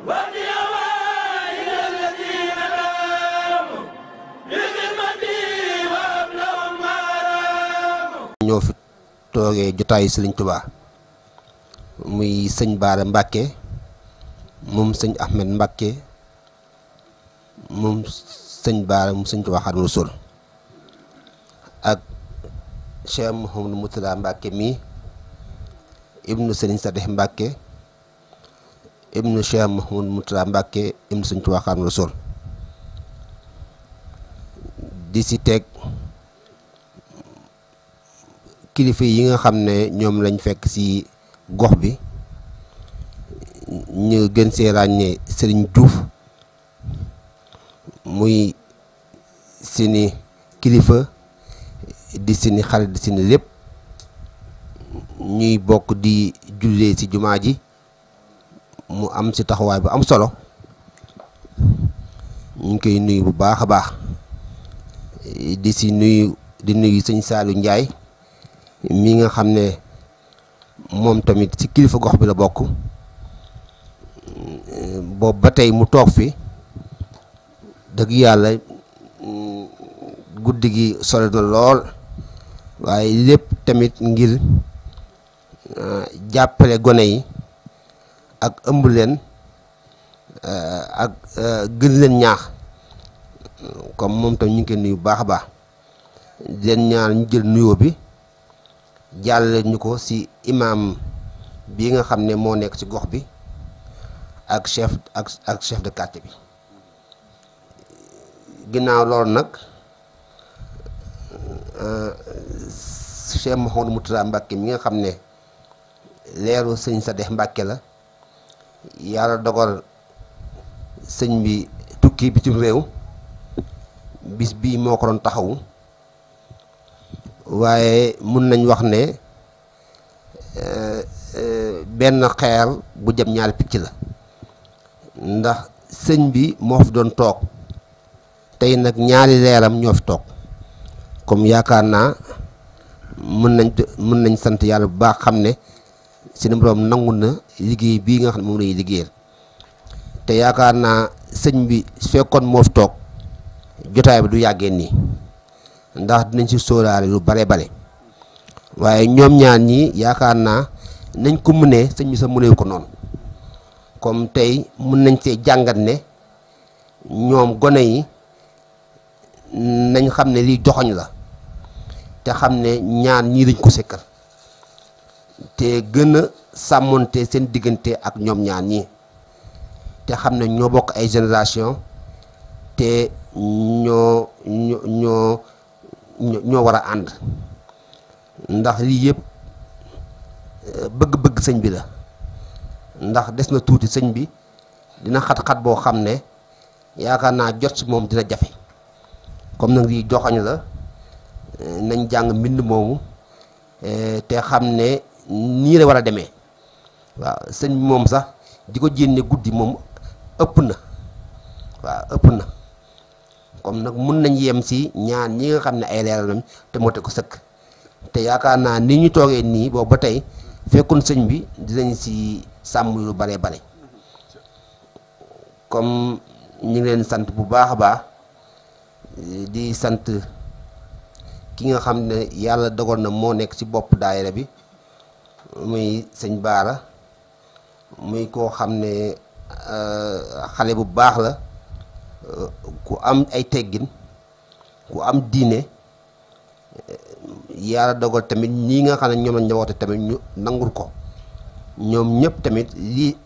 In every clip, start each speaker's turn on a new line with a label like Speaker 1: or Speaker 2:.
Speaker 1: ñoo
Speaker 2: fi toogee jotaayu sëriñ Tuubaa muy sëñ Baara Mbàkke moom sëñ Ahmed Mbàkke moom sëñ Baara mu sëñ Tuubaa Xaadimu Rasuul ak Cheikh Mouhamadou Moutala Mbàkke mii ibnu sëriñ Sadeh Mbàkke ibnu Cheikh Mahmoud Mourtada Mbacke ibnu Sëñ Tuubaa Xaadimu Rasuul di si teg kilifa yi nga xam ne ñoom lañ fekk ci gox bi ñu gën see ràññee Serigne Diouf muy sini kilifa di sini xarit di sini lépp ñuy bokk di jullee ci jumaa ji mu am ci taxawaay bu am solo ñu ngi koy nuyu bu baax a baax di si nuyu di nuyu sëñ Saalu Njaay mi nga xam ne moom tamit ci kilifa gox bi la bokk boobu ba tey mu toog fi dëgg yàlla guddi gi sore na lool waaye lépp tamit ngir ah, jàppale gone yi ak ëmb leen eh, ak eh, gën leen ñaax comme moom tam ñu ngi koy nuyu baax a baax leen ñaar ñu jël nuyoo bi jàllale ñu ko ci imaam bi nga xam ne moo nekk ci gox bi ak chef ak chef de quartier bi ginnaaw loolu nag eh, Cheikh Mouhamadou Mourtada Mbacké mi nga xam ne leeru sëñ Sadikh Mbacké la yàlla dogal sëñ bi tukki bitim réew bis bii moo ko doon taxawu waaye mun nañ wax ne eh, eh, benn xeer bu jëm ñaari picc la ndax sëñ bi moo fi doon toog tey nag ñaari leeram ñoo fi toog comme yaakaar naa mun nañ mun nañ sant yàlla bu baax xam ne sunu borom nangu na liggéey bii nga xam ne moom lañuy liggéey te yaakaar naa sëñ bi fekkoon moo toog jotaay bi du yàggee nii ndax dinañ ci sóoraale lu bare bare waaye ñoom ñaar ñi yaakaar naa nañ ko mënee sëñ bi sa mënee ko noonu comme tey mën nañ see jàngat ne ñoom gone yi nañ xam ne lii joxoñ la te xam ne ñaan ñii lañ ko sekkal te gën a sàmmonte seen diggante ak ñoom ñaar ñi te xam ne ñoo bokk ay génération te ñoo ñoo ñoo ñoo war a ànd ndax lii yëpp euh, bëgg-bëgg sëñ bi la ndax des na tuuti sëñ bi dina xat-xat boo xam ne yaakaar naa jot si moom dina jafe comme nag lii joxañ la euh, nañ jàng mbind moomu euh, te xam ne nii la war a demee waaw sëñ bi moom sax di ko jénde guddi moom ëpp na waaw ëpp na comme nag mun nañ yem si ñaan ñi nga xam ne ay leeral lañ te moo te ko sëkk te yaakaar naa ni ñu toogee nii boobu ba tey fekkoon sëñ bi dinañ si sàmm yu bare bare comme ñu leen sant bu baax a baax di sant ki nga xam ne yàlla dogal na moo nekk ci bopp daayira bi muy sëñ Baara muy koo xam ne euh, xale bu baax la euh, ku am ay teggin ku am diine euh, yàlla dogal tamit ñi nga xam ne ñoom lañ njaboote tamit ñu nangul ko ñoom ñëpp tamit lii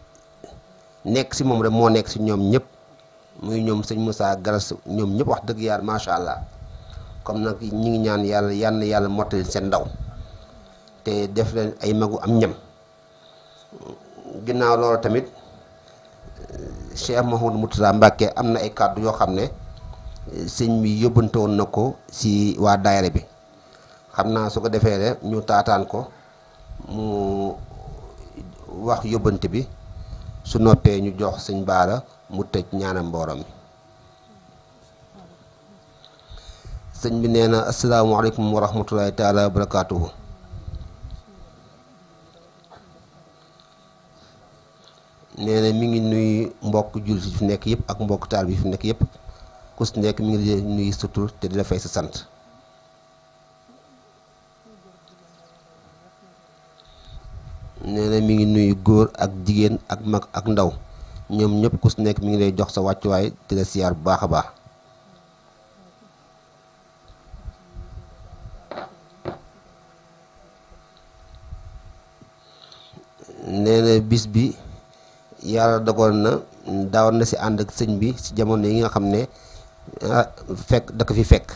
Speaker 2: nekk si moom rek moo nekk si ñoom ñëpp muy ñoom sëñ Moussa Garas ñoom ñëpp wax dëgg yàlla macha allah comme nag ñi ngi ñaan yàlla yàlla yàlla mottali seen ndaw te def leen ay magu am ñam ginnaaw loolu tamit Cheikh Mouhamadou Mourtada Mbacke am na ay kàddu yoo xam ne sëñ bi yóbbante woon na ko si waa daayira bi xam naa su ko defee rek ñu taataan ko mu wax yóbbante bi su noppee ñu jox sëñ baara mu tëj ñaanam mbooram mi sëñ bi nee na asalaamaaleykum wa rahmatulahi taala wa nee mi ngi nuyu mbokk jullit fi nekk yëpp ak mbokk taal bi fi nekk yépp ku si nekk mi ngi lay nuyu sa te di la fay sa sant nee mi ngi nuyu góor ak jigéen ak mag ak ndaw ñoom ñëpp ku si nekk mi ngi lay jox sa wàccuwaay di la siyaar bu baax a baax nee bis bi yalla dogoon na dawon na si and ak señ bi si jamono yi nga xamne ne ah, fekk da ko fi fek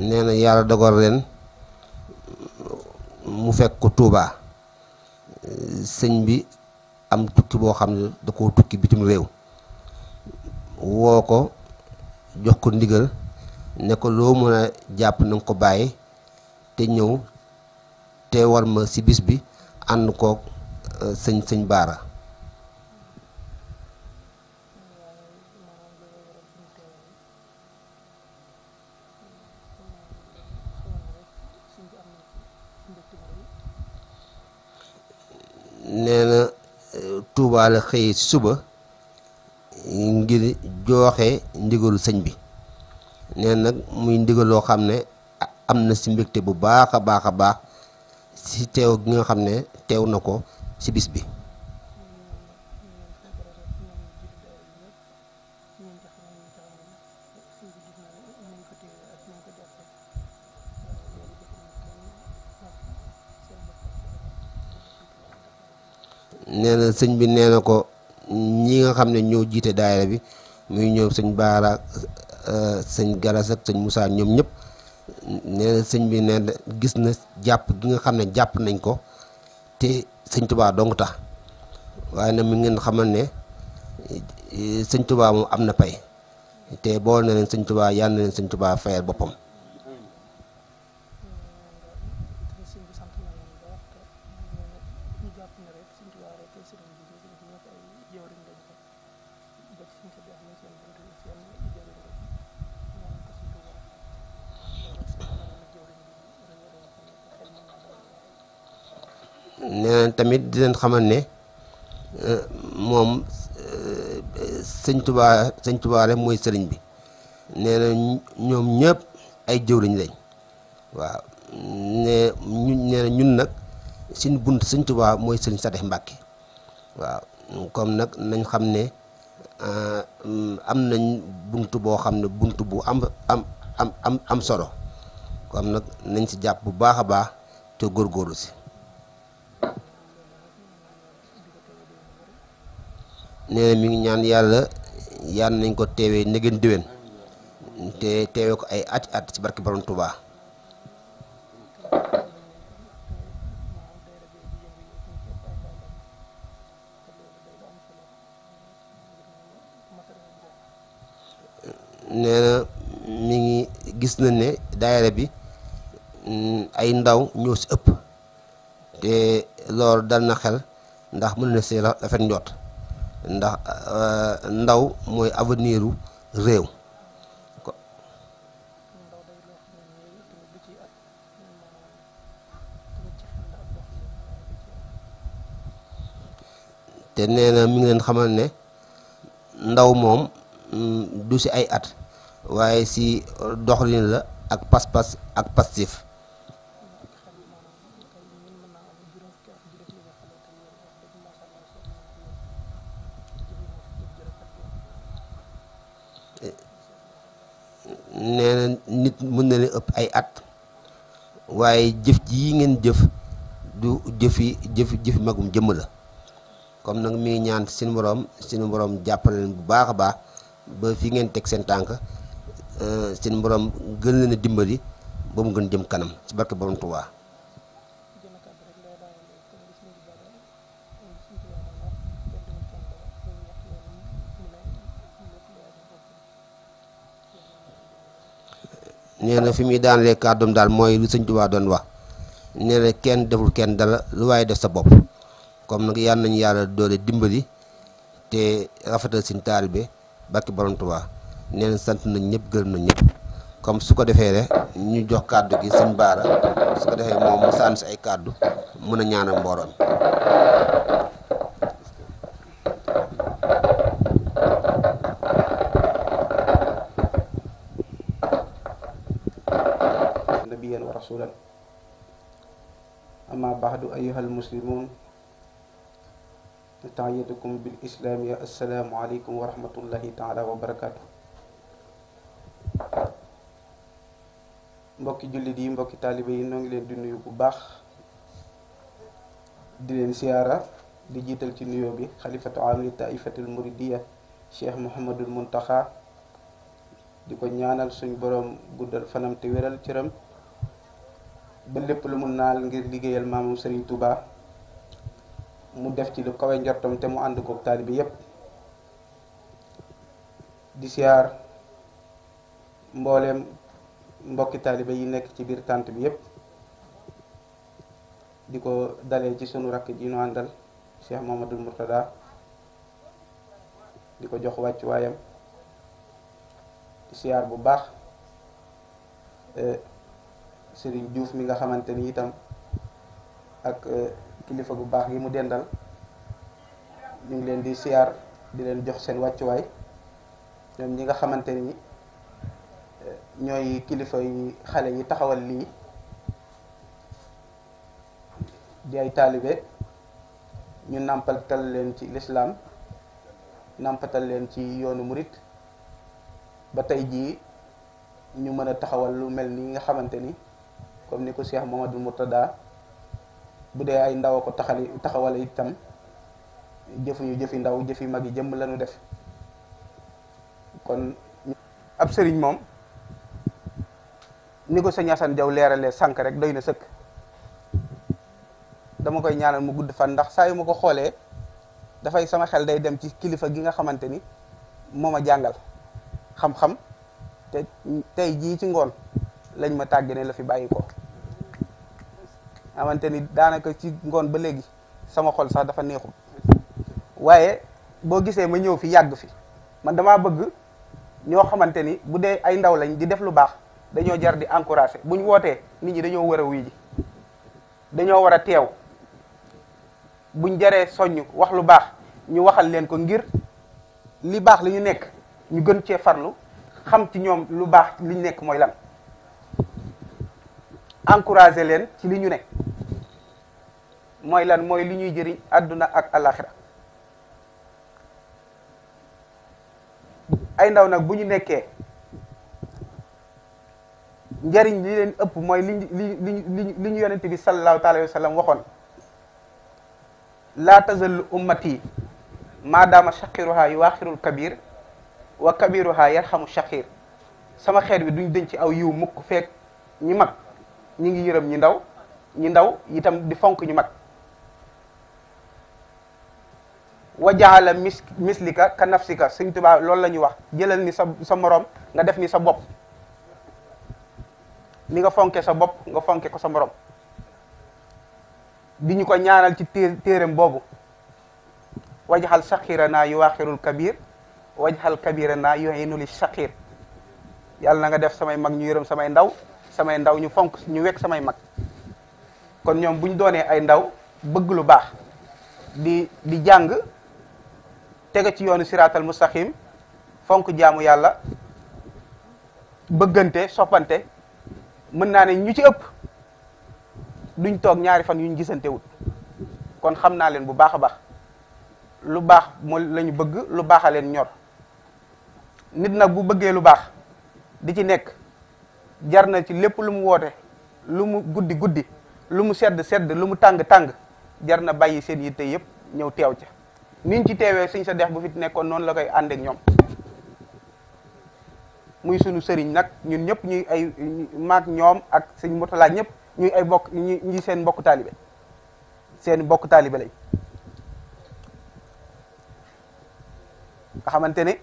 Speaker 2: neena na yàlla dogal ren mu fek ko touba señ bi am tukki boo xam ne da koo tukki bitim réew woo ko jox ko ndigal ne ko loo mën a jàpp na ko bàyyi te ñëw teewal ma ci bis bi ànd koog euh, sëñ sëñ baara nee Touba la suba ngir jooxe ndigalu sëñ bi neen nag muy ndigal loo xam ne am na si mbégte bu baax a baax a baax si teew gi nga xam ne teew na ko ci bis bi nee na sëñ bi nee na ko ñi nga xam ne ñoo jiite daayira bi muy ñoom sëñ Baara euh, sëñ Garas ak sëñ Moussa ñoom ñëpp nee na sëñ bi nee na gis na jàpp gi nga xam ne jàpp nañ ko te sëñ Tuubaa dong tax waaye nag mi ngeen xamal ne sëñ Tuubaa moom am na pay te bool na leen sëñ Tuubaa yàlla na leen sëñ Tuubaa fayal boppam. nee tamit di leen xamal ne euh, moom euh, sëñ tubaa sëñ tubaa rek mooy sëriñ bi nee na ñoom ñëpp ay jëwriñ lañ waaw ne ñu ñun nag suñ bunt sëñ tubaa mooy sëriñ Sadikh Mbàkke waaw comme nag nañ xam ne euh, am nañ bunt boo xam ne bunt bu am am am am am solo comme nag nañ ci jàpp bu baax a baax te góorgóorlu si nee mi ngi ñaan yàlla yaan nañ ko teewee negeen déwén te teewee ko ay ci barke Borom mi ngi gis na ne daayira bi mm, ay ndaw ñoo si ëpp te loolu dal na xel ndax mën na see rafet njoot ndax euh, ndaw mooy avenir u réew te neena mu mi ngi leen xamal ne ndaw moom mm, du ci ay at waaye si doxalin la ak pas-pas ak pastif nee na nit mën na leen ëpp ay at waaye jëf ji ngeen jëf du jëfi jëf jëfi magum jëmm la comme nag mi ngi ñaan seen borom seen borom jàppale leen bu baax a baax ba fii ngeen teg seen tànk euh, seen borom gën leen dimbali ba mu gën jëm kanam ci barke borom Tuubaa nee na fi muy daanalee kàddoom daal mooy lu sëñ Tuubaa doon wax nee kenn deful kenn dala lu waaye def sa bopp comme nag yàlla nañu yàlla doole dimbali te rafetal sin taalibe barki borom Tuubaa nee na sant nañ ñëpp gërëm nañ ñëpp comme su ko defee rek ñu jox kàddu gi sëñ Baara su ko defee moom mu si ay kàddu mun a ñaanal mbooroon
Speaker 1: ورسوله أما بعد أيها المسلمون نتعيدكم بالإسلام يا السلام عليكم ورحمة الله تعالى وبركاته mbokki jullit yi mbokki taalibe yi noo ngi leen di nuyu bu baax di leen siyaara di jiital ci nuyoo bi xalifatu amli taifatul muridiya cheikh mouhamadul muntaxa di ko ñaanal suñ boroom guddal fanam te wéral cëram ba lépp lu mu naal ngir liggéeyal maamam Serigne Touba mu def ci lu kawe njortam te mu ànd kook taalibe yépp di siyaar mbooleem mbokki taalibe yi nekk ci biir tànt bi yépp di ko dalee ci sunu rakk ji nu àndal Cheikh Mamadou Mourtada di ko jox wàccuwaayam di siyaar bu baax eh, Serigne Diouf mi nga xamante ni itam ak euh, kilifa gu baax gi mu dendal ñu ngi leen di siyaar di leen jox seen wàccuwaay ñoom ñi nga xamante ni euh, ñooy kilifa yi xale yi taxawal lii di ay taalibe ñu nàmpatal leen ci lislaam nàmpatal leen ci yoonu murit ba tey jii ñu mën a taxawal lu mel ni nga xamante ni comme ni ko cheikh mamadou murtada budé ay ndaw ko taxali taxawale itam ñu jëfi ndaw jëfi magi jëm lañu def kon ab serigne mom ni ko seigne Assane Diaw léralé sank rek doy na sëkk dama koy ñaanal mu gudd fan ndax sa yuma ko ko da fay sama xel day dem ci kilifa gi nga xamanteni moma jangal xam-xam te tay ji ci ngol lañ ma taggene la fi bayiko xamante ni daanaka ci ngoon ba léegi sama xol sax dafa neexul waaye boo gisee ma ñëw fi yàgg fi man damaa bëgg ñoo xamante ni bu dee ay ndaw lañ di def lu baax dañoo jar di encourager bu ñu wootee nit ñi dañoo war a wuy ji dañoo war a teew buñ jaree soññ wax lu baax ñu waxal leen ko ngir li baax li ñu nekk ñu gën cee farlu xam ci ñoom lu baax li ñu nekk mooy lan encourager leen ci li ñu nekk mooy lan mooy li ñuy jëriñ àdduna ak alaxira ay ndaw nag bu ñu nekkee njariñ li leen ëpp mooy li li li li ñu bi sallallahu taala wa sallam waxoon laa tazal ummati maadaama shaqiruha yuwaaxirul kabir wa kabiruha yarxamu shaqir sama xeet bi duñ denc aw yiw mukk fekk ñi mag ñi ngi yërëm ñi ndaw ñi ndaw itam di fonk ñu mag wa jaxala mis mislika ka nafsika sëñ Tuubaa loolu la ñuy wax jëlal ni sa sa moroom nga def ni sa bopp ni nga fonke sa bopp nga fonke ko sa moroom di ñu ko ñaanal ci té téeram boobu wajxal saxira naa yuwaaxirul kabir wajxal kabira naa yuhinuli saxir yàlla na nga def samay mag ñu yërëm samay ndaw samay ndaw ñu fonk ñu wekk samay mag kon ñoom bu ñu doonee ay ndaw bëgg lu baax di di jàng tege ci yoonu siraatal mustaqim fonk jaamu yàlla bëggante soppante mën naa ne ñu ci ëpp duñ toog ñaari fan yu ñu wut kon xam naa leen bu baax a baax lu baax moo lañu bëgg lu baax leen ñor nit nag bu bëggee lu baax di ci nekk jar na ci lépp lu mu woote lu mu guddi guddi lu mu sedd sedd lu mu tàng tàng jar na bàyyi seen yitte yëpp ñëw teew ca niñ ci teewee sëñ sa dex bu fi nekkoon noonu la koy ànd ak ñoom muy sunu sëriñ nag ñun ñëpp ñuy ay maag ñoom ak sëñ Murtala ñëpp ñuy ay bokk ñi seen mbokk taalibe seen bokk taalibe lañ nga xamante ne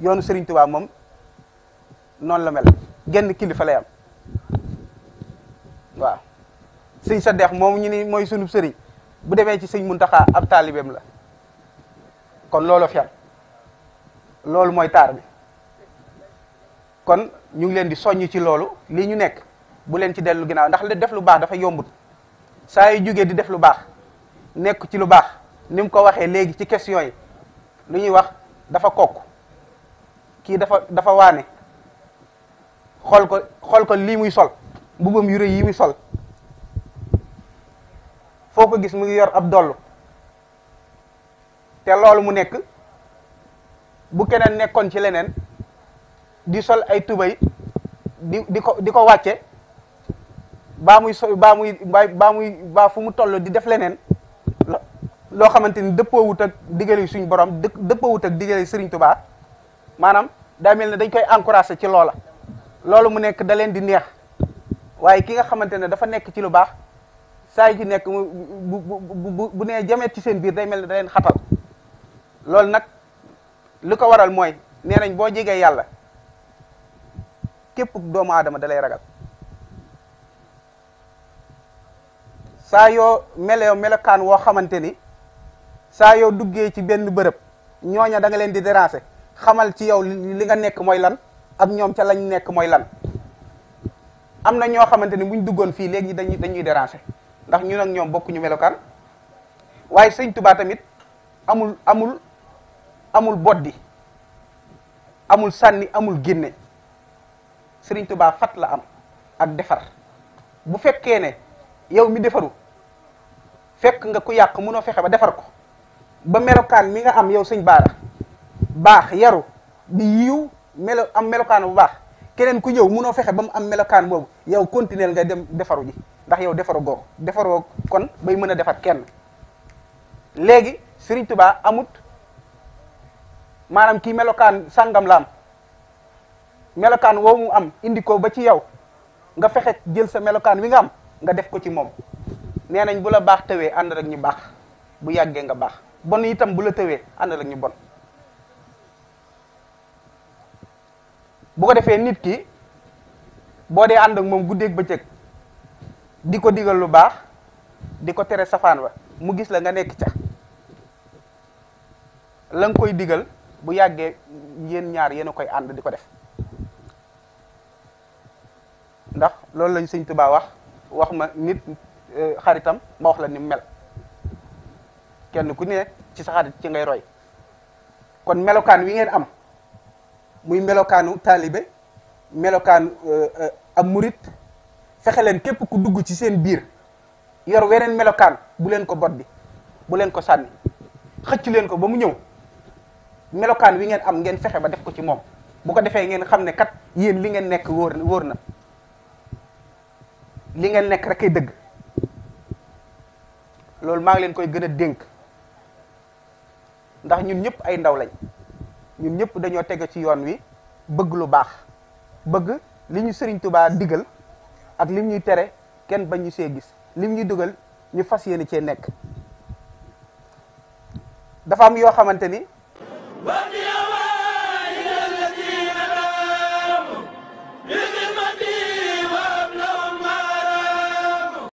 Speaker 1: yoonu sëriñ Tuubaa moom noonu la mel genn kilifa lay am waaw sëñ sa dex moom ñu ni mooy sunu sëriñ bu demee ci sëñ mun Muntaxa ab taalibeem la kon loolu fer loolu mooy taar bi kon ñu ngi leen di soññ ci loolu lii ñu nekk bu leen ci dellu ginnaaw ndax li def lu baax dafa yombut saa yu jógee di def lu baax nekk ci lu baax nim ko waxee léegi ci question yi lu ñuy wax dafa kokk kii dafa dafa waane xool ko xool ko lii muy sol mbubbam yu rëy yi muy sol foo ko gis mu ngi yor ab doll te loolu mu nekk bu keneen nekkoon ci leneen di sol ay tubay di di ko di ko wàcce baa muy so baa muy baa muy baa fu mu toll di def leneen loo xamante ni dëppoowut ak digale suñu borom dë dëppoowut ak digale Serigne Touba maanaam daa mel ne dañ koy encouragé ci loola loolu mu nekk da leen di neex waaye ki nga xamante ne dafa nekk ci lu baax saay ji nekk mu bu bu bu nee jamet ci seen biir day mel ne da xatal loolu nag li ko waral mooy nee nañ boo jegee yàlla képp doomu aadama da lay ragal saa yoo melew melokaan woo xamante ni saa yoo duggee ci benn bërëb ñooña da leen di déranger xamal ci yow li nga nekk mooy lan ak ñoom ca lañ nekk mooy lan am na ñoo xamante ni buñ duggoon fii léegi dañuy dañuy déranger ndax ñu ak ñoom bokkuñu melokaan waaye sëñ Tuubaa tamit amul amul amul boddi amul sànni amul génne sëriñ Tuubaa fat la am ak defar bu fekkee ne yow mi defaru fekk nga ku yàq mënoo fexe ba defar ko ba melokaan mi nga am yow sëñ baara baax yaru di yiw melo am melokaan bu baax keneen ku ñëw munoo fexe ba mu am melokaan boobu yow continuer nga dem defaru ji ndax yow defaragoo defaro kon bay meuna defat kenn léegi serigne tuba amut manam ki melokan sangam lam melokan wo mu am indi ko ba ci yow nga fexet jël sa melokan wi nga am nga def ko ci mom nenañ bah bu la baax tëwee ànd rek ñu bax bu yagge nga bax bon itam bu la tëwee rek ñu bon bu ko defé nit ki bo dé and ak di ko digal lu baax di ko tere safaan wa mu gis la nga nekk ca la koy digal bu yàggee yéen ñaar yéen a koy ànd di ko def ndax loolu lañ sëñ Tuubaa wax wax ma nit euh, xaritam ma wax la ni mel kenn ku ne ci sa xarit ci ngay roy kon melokaan wi ngeen am muy melokaanu taalibe melokaanu euh, euh, am murit fexe kep ku dugg ci seen biir yor wenen melokan bu len ko boddi bu len ko sanni xecc len ko bamu ñew melokan wi ngeen am ngeen fexé ba def ko ci mom bu ko defé ngeen xamné kat yeen li ngeen nek wor worna li ngeen nek rek ay dëgg loolu ngi len koy gëna denk ndax ñun ñëpp ay ndaw lañ ñun ñëpp dañoo ci yoon wi bëgg lu baax bëgg li ñu digal ak lim ñuy tere kenn bañ ñu see gis lim ñuy dugal ñu fas yéene cee nekk dafa am yoo xamante ni.